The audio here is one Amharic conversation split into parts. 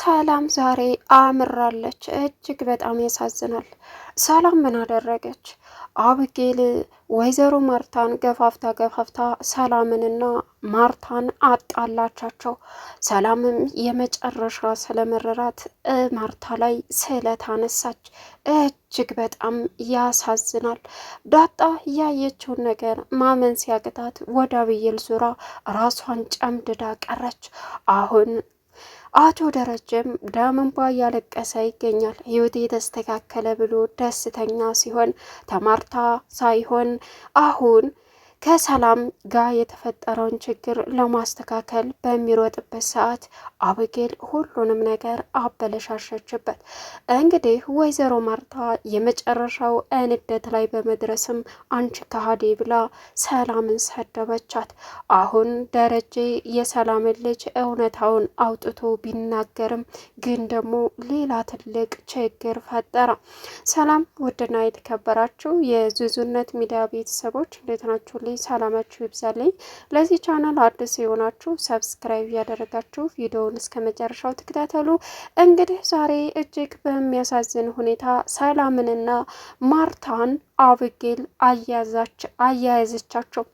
ሰላም ዛሬ አምራለች። እጅግ በጣም ያሳዝናል። ሰላም ምን አደረገች? አብጌል ወይዘሮ ማርታን ገፋፍታ ገፋፍታ ሰላምንና ማርታን አጣላቻቸው። ሰላምም የመጨረሻ ስለመረራት ማርታ ላይ ስለታነሳች እጅግ በጣም ያሳዝናል። ዳጣ ያየችውን ነገር ማመን ሲያቅታት ወደ አብዬል ዙራ ራሷን ጨምድዳ ቀረች። አሁን አቶ ደረጀም ደም እያለቀሰ ይገኛል። ህይወት የተስተካከለ ብሎ ደስተኛ ሲሆን ተማርታ ሳይሆን አሁን ከሰላም ጋር የተፈጠረውን ችግር ለማስተካከል በሚሮጥበት ሰዓት አብጌል ሁሉንም ነገር አበለሻሸችበት። እንግዲህ ወይዘሮ ማርታ የመጨረሻው እንደት ላይ በመድረስም አንቺ ከሃዲ ብላ ሰላምን ሰደበቻት። አሁን ደረጀ የሰላምን ልጅ እውነታውን አውጥቶ ቢናገርም ግን ደግሞ ሌላ ትልቅ ችግር ፈጠረ። ሰላም ውድና የተከበራችሁ የዙዙነት ሚዲያ ቤተሰቦች እንዴት ናችሁ? ይስጥልኝ፣ ሰላማችሁ ይብዛልኝ። ለዚህ ቻናል አዲስ የሆናችሁ ሰብስክራይብ ያደረጋችሁ ቪዲዮውን እስከ መጨረሻው ተከታተሉ። እንግዲህ ዛሬ እጅግ በሚያሳዝን ሁኔታ ሰላምንና ማርታን አብጌል አያያዘቻቸው።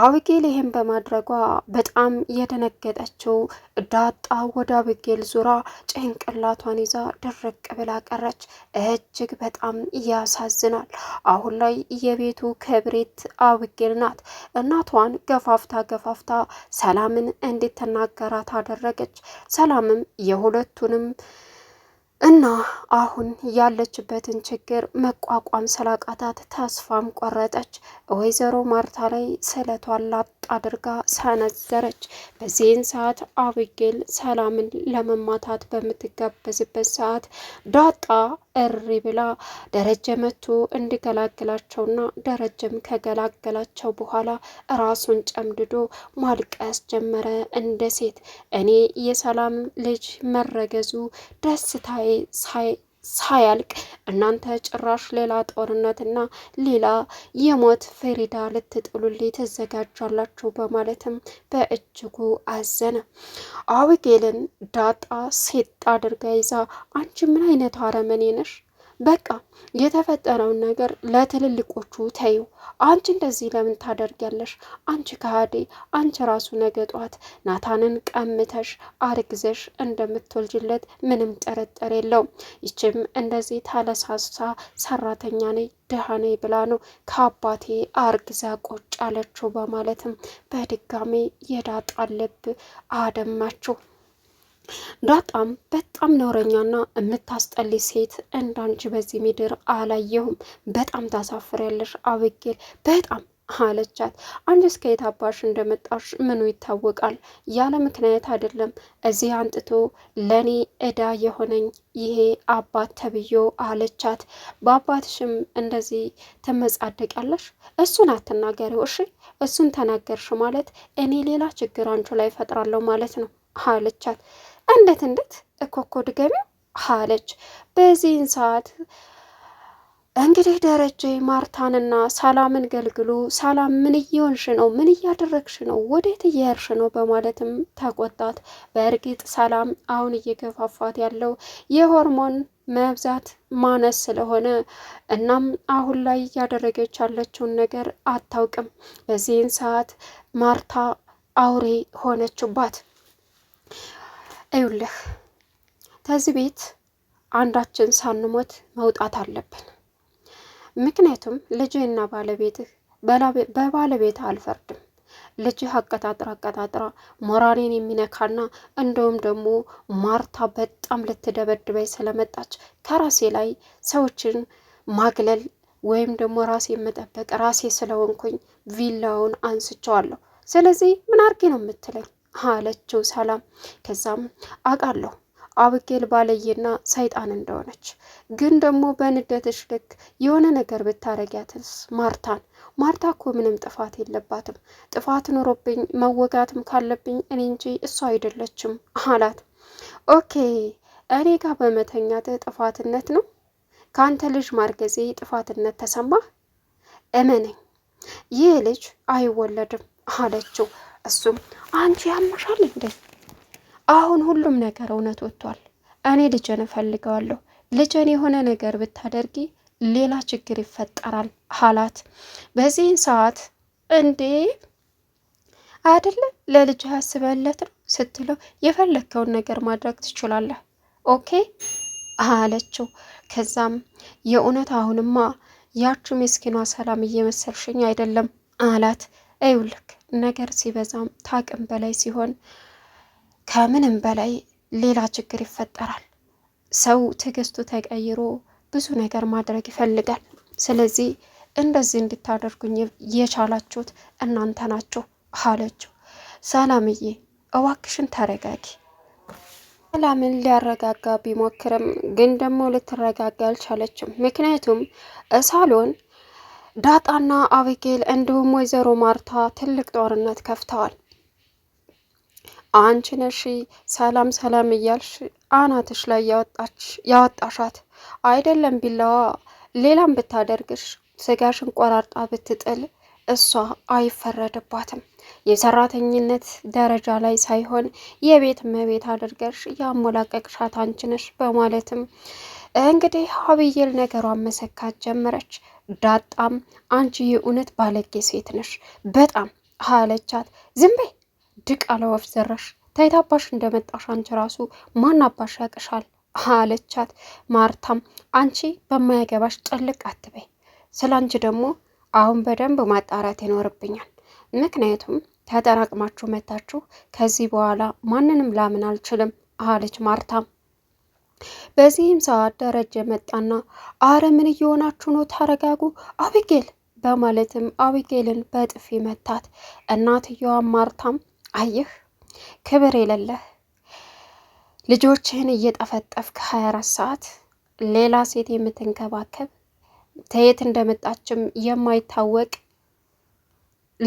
አብጌል ይህን በማድረጓ በጣም የደነገጠችው ዳጣ ወደ አብጌል ዙራ ጭንቅላቷን ይዛ ድርቅ ብላ ቀረች። እጅግ በጣም ያሳዝናል። አሁን ላይ የቤቱ ክብሪት አብጌል ናት። እናቷን ገፋፍታ ገፋፍታ ሰላምን እንድትናገራት አደረገች። ሰላምም የሁለቱንም እና አሁን ያለችበትን ችግር መቋቋም ስላቃታት ተስፋም ቆረጠች። ወይዘሮ ማርታ ላይ ስለቷን ላጥ አድርጋ ሰነዘረች። በዚህን ሰዓት አብጌል ሰላምን ለመማታት በምትጋበዝበት ሰዓት ዳጣ እሪ ብላ ደረጀ መቶ እንዲገላግላቸውና ደረጀም ከገላገላቸው በኋላ ራሱን ጨምድዶ ማልቀስ ጀመረ። እንደ ሴት እኔ የሰላም ልጅ መረገዙ ደስታዬ ሳይ ሳያልቅ እናንተ ጭራሽ ሌላ ጦርነትና ሌላ የሞት ፍሪዳ ልትጥሉልኝ ትዘጋጃላችሁ በማለትም በእጅጉ አዘነ። አቢጌልን ዳጣ ሴት አድርጋ ይዛ አንቺ ምን አይነት አረመኔ ነሽ? በቃ የተፈጠረውን ነገር ለትልልቆቹ ተዩ። አንቺ እንደዚህ ለምን ታደርጊያለሽ? አንቺ ከሃዴ፣ አንቺ ራሱ ነገ ጧት ናታንን ቀምተሽ አርግዘሽ እንደምትወልጅለት ምንም ጥርጥር የለውም። ይችም እንደዚህ ታለሳሳ ሰራተኛ ነኝ ድሃኔ ብላ ነው ከአባቴ አርግዛ ቆጭ አለችው በማለትም በድጋሜ የዳጣ ልብ አደማችሁ። ዳጣም በጣም ነውረኛና የምታስጠልይ ሴት እንዳንቺ በዚህ ምድር አላየሁም። በጣም ታሳፍሪያለሽ አብጌል በጣም አለቻት። አንቺስ ከየት አባሽ እንደመጣሽ ምኑ ይታወቃል? ያለ ምክንያት አይደለም እዚህ አንጥቶ ለእኔ እዳ የሆነኝ ይሄ አባት ተብዮ አለቻት። በአባትሽም እንደዚህ ትመጻደቂያለሽ? እሱን አትናገሪው እሺ። እሱን ተናገርሽ ማለት እኔ ሌላ ችግር አንቺ ላይ ፈጥራለሁ ማለት ነው አለቻት። እንዴት እንዴት እኮኮ ድገሚው አለች። በዚህን ሰዓት እንግዲህ ደረጀ ማርታንና ሰላምን ገልግሎ ሰላም ምን እየሆንሽ ነው? ምን እያደረግሽ ነው? ወዴት እየሄድሽ ነው? በማለትም ተቆጣት። በእርግጥ ሰላም አሁን እየገፋፋት ያለው የሆርሞን መብዛት ማነስ ስለሆነ እናም አሁን ላይ እያደረገች ያለችውን ነገር አታውቅም። በዚህን ሰዓት ማርታ አውሬ ሆነችባት። እዩልህ ከዚህ ቤት አንዳችን ሳንሞት መውጣት አለብን። ምክንያቱም ልጅህና ባለቤትህ በባለቤት አልፈርድም። ልጅህ አቀጣጥራ አቀጣጥራ ሞራሌን የሚነካና እንደውም ደግሞ ማርታ በጣም ልትደበድበኝ ስለመጣች ከራሴ ላይ ሰዎችን ማግለል ወይም ደግሞ ራሴ መጠበቅ ራሴ ስለሆንኩኝ ቪላውን አንስቸዋለሁ። ስለዚህ ምን አርጌ ነው የምትለኝ? አለችው ሰላም። ከዛም አውቃለሁ አብጌል ባለየና ሰይጣን እንደሆነች፣ ግን ደግሞ በንደትሽ ልክ የሆነ ነገር ብታረጊያትስ ማርታን ማርታ እኮ ምንም ጥፋት የለባትም። ጥፋት ኖሮብኝ መወጋትም ካለብኝ እኔ እንጂ እሷ አይደለችም አላት። ኦኬ እኔ ጋር በመተኛት ጥፋትነት ነው? ከአንተ ልጅ ማርገዜ ጥፋትነት ተሰማ? እመነኝ ይህ ልጅ አይወለድም አለችው። እሱም አንቺ ያመሻል እንዴ? አሁን ሁሉም ነገር እውነት ወጥቷል። እኔ ልጀን እፈልገዋለሁ። ልጄን የሆነ ነገር ብታደርጊ ሌላ ችግር ይፈጠራል አላት። በዚህን ሰዓት እንዴ አይደለ ለልጅ ያስበለት ነው ስትለው የፈለግከውን ነገር ማድረግ ትችላለህ ኦኬ አለችው። ከዛም የእውነት አሁንማ ያቺ ምስኪኗ ሰላም እየመሰልሽኝ አይደለም አላት። ይውልክ ነገር ሲበዛም ታቅም በላይ ሲሆን ከምንም በላይ ሌላ ችግር ይፈጠራል። ሰው ትዕግስቱ ተቀይሮ ብዙ ነገር ማድረግ ይፈልጋል። ስለዚህ እንደዚህ እንድታደርጉኝ የቻላችሁት እናንተ ናችሁ አለችው። ሰላምዬ እዋክሽን ተረጋጊ። ሰላምን ሊያረጋጋ ቢሞክርም ግን ደግሞ ልትረጋጋ አልቻለችም። ምክንያቱም ሳሎን ዳጣና አቤጌል እንዲሁም ወይዘሮ ማርታ ትልቅ ጦርነት ከፍተዋል። አንቺ ነሽ ሰላም ሰላም እያልሽ አናትሽ ላይ ያወጣሻት አይደለም ቢላዋ ሌላም ብታደርግሽ ስጋሽን ቆራርጣ ብትጥል እሷ አይፈረድባትም። የሰራተኝነት ደረጃ ላይ ሳይሆን የቤት መቤት አድርገሽ ያሞላቀቅሻት አንቺ ነሽ በማለትም እንግዲህ አቤጌል ነገሯን መሰካት ጀመረች። ዳጣም አንቺ የእውነት ባለጌ ሴት ነሽ በጣም አለቻት። ዝም በይ ድቃለ ወፍ ዘራሽ ታይታባሽ እንደመጣሽ አንቺ ራሱ ማን አባሽ ያቅሻል አለቻት። ማርታም አንቺ በማያገባሽ ጥልቅ አትበይ፣ ስለ አንቺ ደግሞ አሁን በደንብ ማጣራት ይኖርብኛል። ምክንያቱም ተጠራቅማችሁ መታችሁ ከዚህ በኋላ ማንንም ላምን አልችልም አለች ማርታም በዚህም ሰዓት ደረጀ መጣና አረ ምን እየሆናችሁ ነው? ተረጋጉ አቢጌል በማለትም አቢጌልን በጥፊ መታት። እናትየዋ ማርታም አየህ ክብር የሌለህ ልጆችህን እየጠፈጠፍክ 24 ሰዓት ሌላ ሴት የምትንከባከብ ተየት እንደመጣችም የማይታወቅ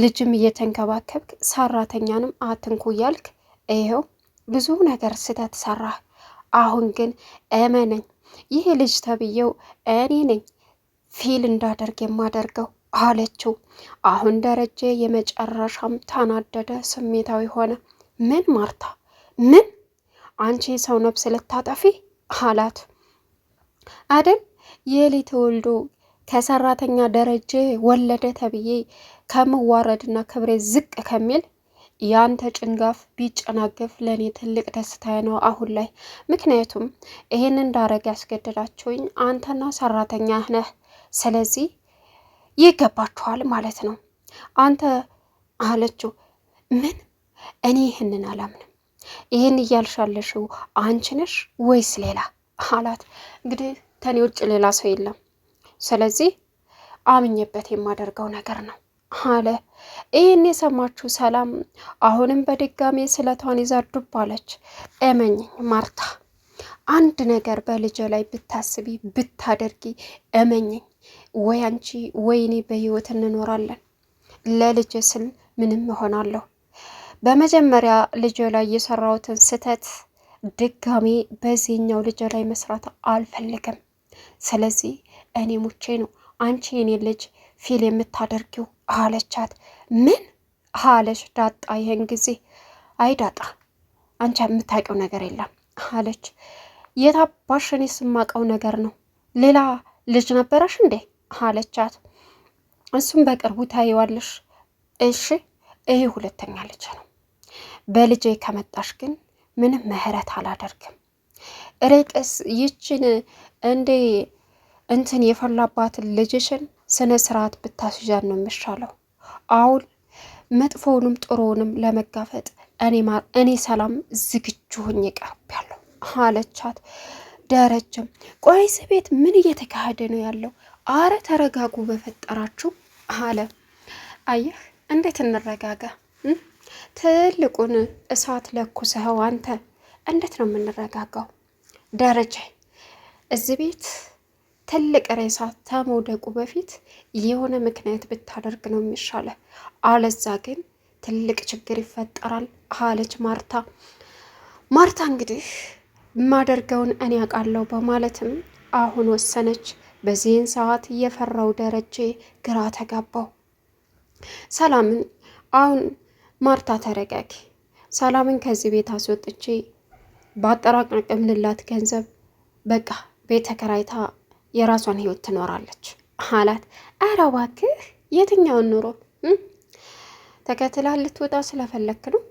ልጅም እየተንከባከብክ ሰራተኛንም አትንኩ እያልክ ይኸው ብዙ ነገር ስተት ሰራህ። አሁን ግን እመነኝ፣ ይህ ልጅ ተብዬው እኔ ነኝ ፊል እንዳደርግ የማደርገው አለችው። አሁን ደረጀ የመጨረሻም ተናደደ፣ ስሜታዊ ሆነ። ምን ማርታ፣ ምን አንቺ ሰው ነብስ ልታጠፊ አላት። አደል የሌ ወልዶ ከሰራተኛ ደረጀ ወለደ ተብዬ ከምዋረድና ክብሬ ዝቅ ከሚል ያንተ ጭንጋፍ ቢጨናገፍ ለእኔ ትልቅ ደስታ ነው አሁን ላይ። ምክንያቱም ይህን እንዳረግ ያስገደዳችሁኝ አንተና ሰራተኛ ነህ። ስለዚህ ይገባችኋል ማለት ነው አንተ አለችው። ምን? እኔ ይህንን አላምንም። ይህን እያልሻለሽው አንቺ ነሽ ወይስ ሌላ አላት። እንግዲህ ተኔ ውጭ ሌላ ሰው የለም። ስለዚህ አምኜበት የማደርገው ነገር ነው አለ። ይህን የሰማችሁ ሰላም አሁንም በድጋሜ ስለቷን ይዛ ዱብ አለች። እመኝ ማርታ፣ አንድ ነገር በልጅ ላይ ብታስቢ ብታደርጊ፣ እመኝኝ ወይ አንቺ ወይ እኔ በህይወት እንኖራለን። ለልጅ ስል ምንም እሆናለሁ። በመጀመሪያ ልጅ ላይ የሰራሁትን ስህተት ድጋሜ በዚህኛው ልጅ ላይ መስራት አልፈልግም። ስለዚህ እኔ ሙቼ ነው አንቺ የኔ ልጅ ፊል የምታደርጊው አለቻት። ምን አለች ዳጣ? ይህን ጊዜ አይ ዳጣ አንቺ የምታውቂው ነገር የለም አለች። የታባሽ እኔ ስማቀው ነገር ነው። ሌላ ልጅ ነበረሽ እንዴ አለቻት። እሱም በቅርቡ ታይዋለሽ። እሺ ይህ ሁለተኛ ልጅ ነው። በልጄ ከመጣሽ ግን ምንም ምህረት አላደርግም። ሬቅስ ይችን እንዴ እንትን የፈላባትን ልጅሽን ስነ ስርዓት ብታስዣን ነው የሚሻለው። አሁን መጥፎውንም ጥሩውንም ለመጋፈጥ እኔ ሰላም ዝግጁ ሆኜ ቀርቤያለሁ አለቻት። ደረጀም ቆይስ ቤት ምን እየተካሄደ ነው ያለው? አረ ተረጋጉ በፈጠራችሁ አለ። አየህ እንዴት እንረጋጋ? ትልቁን እሳት ለኩሰኸው አንተ። እንዴት ነው የምንረጋጋው? ደረጀ እዚህ ቤት ትልቅ ሬሳ ተመውደቁ በፊት የሆነ ምክንያት ብታደርግ ነው የሚሻለ። አለዛ ግን ትልቅ ችግር ይፈጠራል አለች ማርታ። ማርታ እንግዲህ የማደርገውን እኔ አውቃለሁ በማለትም አሁን ወሰነች። በዚህን ሰዓት እየፈራው ደረጀ ግራ ተጋባው። ሰላምን አሁን ማርታ ተረጋጊ፣ ሰላምን ከዚህ ቤት አስወጥቼ ምንላት ገንዘብ በቃ ቤት ተከራይታ የራሷን ህይወት ትኖራለች አላት። ኧረ እባክህ የትኛውን ኑሮ ተከትላ ልትወጣ ስለፈለክ ነው?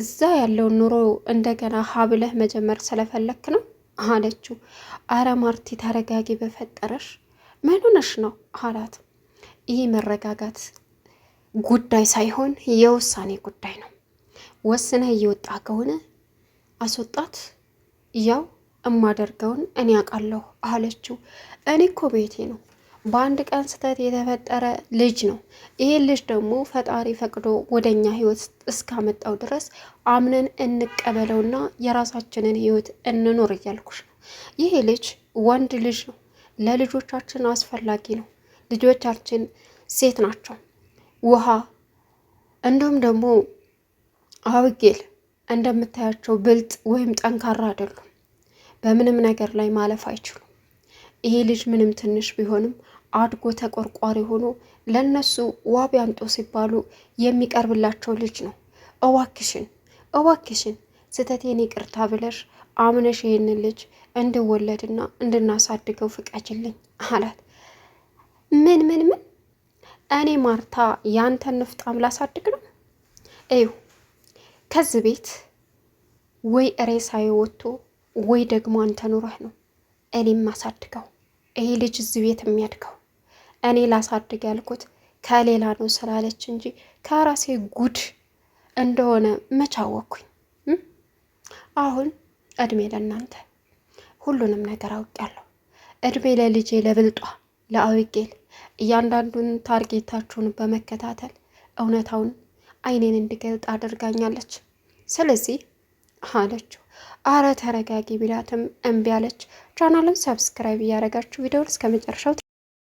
እዛ ያለውን ኑሮ እንደገና ሀብለህ መጀመር ስለፈለክ ነው አለችው። አረ ማርቲ ተረጋጊ በፈጠረሽ ምን ሆነሽ ነው አላት። ይህ መረጋጋት ጉዳይ ሳይሆን የውሳኔ ጉዳይ ነው። ወስነህ እየወጣ ከሆነ አስወጣት ያው እማደርገውን እኔ አውቃለሁ አለችው። እኔ እኮ ቤቴ ነው በአንድ ቀን ስህተት የተፈጠረ ልጅ ነው። ይሄ ልጅ ደግሞ ፈጣሪ ፈቅዶ ወደ እኛ ህይወት እስካመጣው ድረስ አምነን እንቀበለውና የራሳችንን ህይወት እንኖር እያልኩሽ ነው። ይሄ ልጅ ወንድ ልጅ ነው። ለልጆቻችን አስፈላጊ ነው። ልጆቻችን ሴት ናቸው። ውሃ እንዲሁም ደግሞ አብጌል እንደምታያቸው ብልጥ ወይም ጠንካራ አይደሉም። በምንም ነገር ላይ ማለፍ አይችሉም። ይሄ ልጅ ምንም ትንሽ ቢሆንም አድጎ ተቆርቋሪ ሆኖ ለነሱ ዋቢ አምጦ ሲባሉ የሚቀርብላቸው ልጅ ነው። እዋክሽን እዋክሽን ስህተቴን ይቅርታ ብለሽ አምነሽ ይህንን ልጅ እንድወለድና እንድናሳድገው ፍቀጅልኝ አላት። ምን ምን ምን እኔ ማርታ ያንተን ንፍጣም ላሳድግ ነው? እዩ ከዚህ ቤት ወይ ሬሳዬ ወጥቶ ወይ ደግሞ አንተ ኑረህ ነው እኔም አሳድገው ይሄ ልጅ እዚህ ቤት የሚያድገው እኔ ላሳድግ ያልኩት ከሌላ ነው ስላለች እንጂ ከራሴ ጉድ እንደሆነ መች አሁን እድሜ ለእናንተ ሁሉንም ነገር አውቄያለሁ። እድሜ ለልጄ ለብልጧ ለአዊቄል እያንዳንዱን ታርጌታችሁን በመከታተል እውነታውን አይኔን እንዲገልጥ አድርጋኛለች። ስለዚህ አለችው አረ ተረጋጊ ቢላትም እምቢ አለች። ቻናሉን ሰብስክራይብ እያደረጋችሁ ቪዲዮውን እስከ መጨረሻው